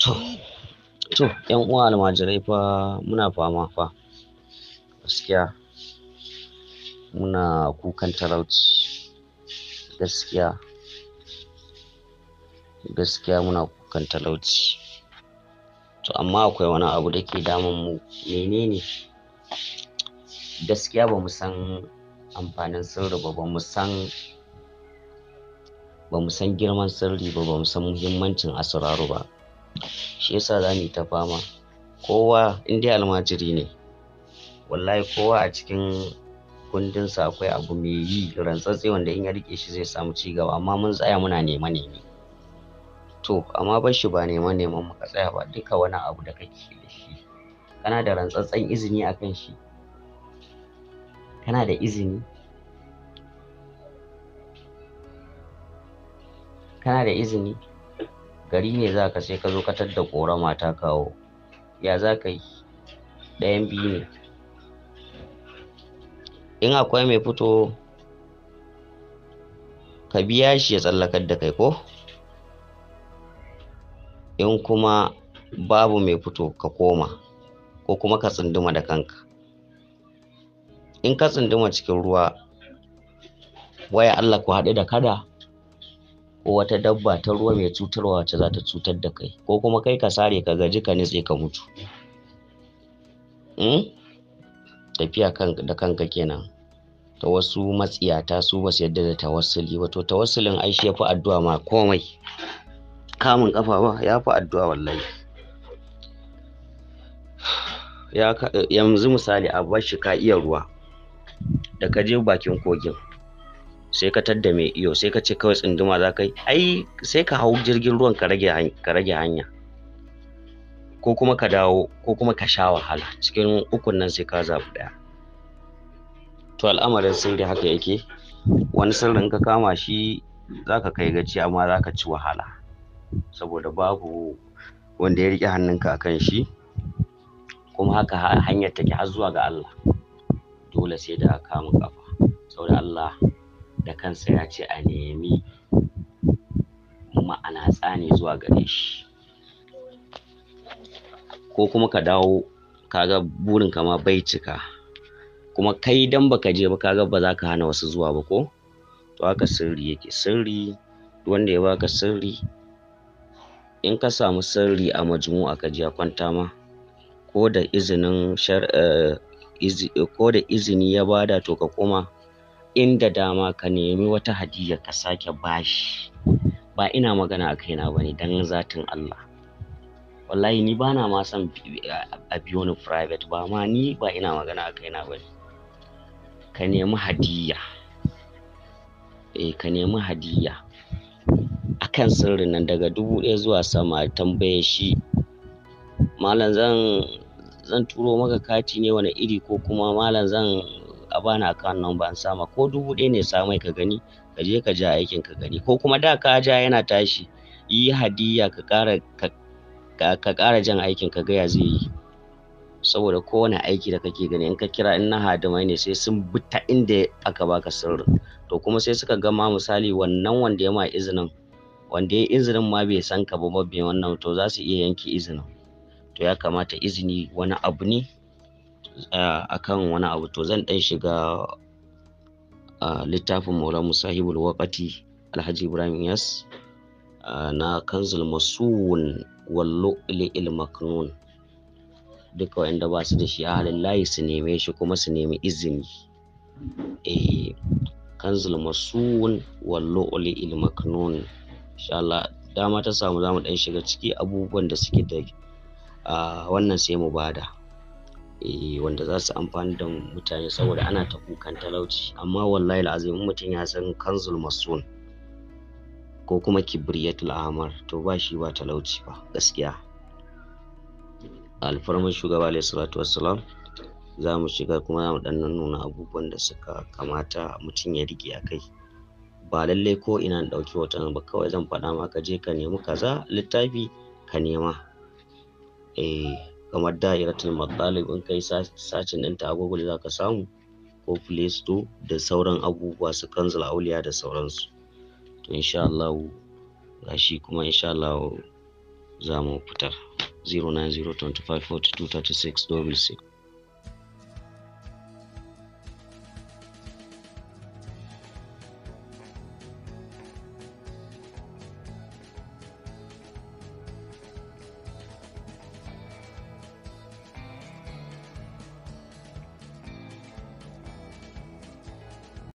to to yan uwa almajirai fa muna fama fa gaskiya muna kukan talauci gaskiya gaskiya muna kukan talauci to amma akwai wani abu da ke damun mu menene gaskiya ba mu san amfanin sirri ba ba mu san ba mu girman sirri ba ba mu san muhimmancin asararu ba shi yasa za mu ta fama kowa in dai almajiri ne wallahi kowa a cikin kundinsa akwai abu mai yi rantsatse wanda in ya rike shi zai samu ci gaba amma mun tsaya muna nema neme to amma ban shi ba nema neman muka tsaya ba duka wani abu da kake da shi kana da rantsatsen izini a kan shi kana da izini kana da izini gari ne za ka sai ka zo katar da ƙorama ta kawo ya za ka yi ɗayan biyu ne in akwai mai fito ka biya shi ya tsallakar da kai ko in kuma babu mai fito ka koma ko kuma ka tsinduma da kanka in ka tsinduma cikin ruwa waya Allah ku haɗu da kada ko wata dabba ta ruwa mai cutarwa wacce za ta cutar da kai ko kuma kai ka sare ka gaji ka nitse ka mutu hmm? tafiya da kanka kenan ta wasu matsiyata su ba su yadda da tawassuli ba tawassulin ai shi yafi addu'a ma komai kamun kafa ba ya fi addu'a wallahi yanzu misali a bashi ka iya ruwa da ka je bakin kogin sai ka tadda mai iyo sai ka ce kawai tsinduma za ka yi ai sai ka hau jirgin ruwan ka rage hanya ko kuma ka dawo ko kuma ka sha wahala cikin ukun nan sai ka zaɓi ɗaya to al'amarin sai da haka yake wani sirrin ka kama shi za ka kai gaci amma za ka ci wahala saboda babu wanda ya riƙe hannunka a kan shi kuma haka hanyar take har zuwa ga Allah dole sai da kama kafa saboda Allah da kansa ya ce a nemi ma'ana tsani zuwa gare shi ko kuma ka dawo kaga burin ka ma bai cika kuma kai dan baka je ba kaga ba za ka hana wasu zuwa ba ko to haka sirri yake sirri wanda ya baka sirri in ka samu sirri a majmu'a ka je kwanta ma ko da izinin eh, ko da izini ya bada to ka koma inda dama ka nemi wata hadiyya ka sake bashi ba ina magana a kaina ba ne don zatin Allah wallahi ni ba na ma son a biyo ni private ba ma ni ba ina magana a kaina ba ne ka nemi hadiyya. eh ka nemi a akan sirrin nan daga dubu ɗaya zuwa sama tambaye shi malam zan zan turo maka kati ne wani iri ko kuma malam zan a bani account number an sama ko dubu ɗaya ne samai ka gani ka je ka ja aikin ka gani ko kuma da ka ja yana tashi yi hadiya ka ƙara ka ƙara jan aikin ka gaya zai yi saboda kowane aiki da kake gani in ka kira in na hadimai ne sai sun bi ta inda aka baka sirrin to kuma sai suka gama misali wannan wanda ya ma izinin wanda ya izinin ma bai san ka ba bai wannan to za su iya yanke izinin to ya kamata izini wani abu ne akan wani abu to zan ɗan shiga a littafin maula musahibul waqati alhaji ibrahim yas na kanzul masuwun wallo il maknun duka wanda ba su da shi a halin layi su neme shi kuma su nemi izini eh kanzul masuwun wallo il maknun insha Allah dama ta samu zamu ɗan shiga ciki abubuwan da suke da wannan sai mu bada eh wanda za su amfani da mutane saboda ana ta kukan talauci amma wallahi azim mutum ya san kanzul masun ko kuma kibriyatul ahmar to ba shi ba talauci ba gaskiya alfarmar shugaba alaihi salatu wassalam za mu shiga kuma za mu dan nuna abubuwan da suka kamata mutum ya rike a kai ba lallai ko ina ɗauki hoton ba kawai zan faɗa maka je ka nemi kaza littafi ka nema eh kamar da da'iratul matsalib in kai sacin ɗinta a google za ka samu ko play store da sauran abubuwa su kanzula auliya da sauransu to insha Allah gashi kuma insha Allah za mu fitar 09025423666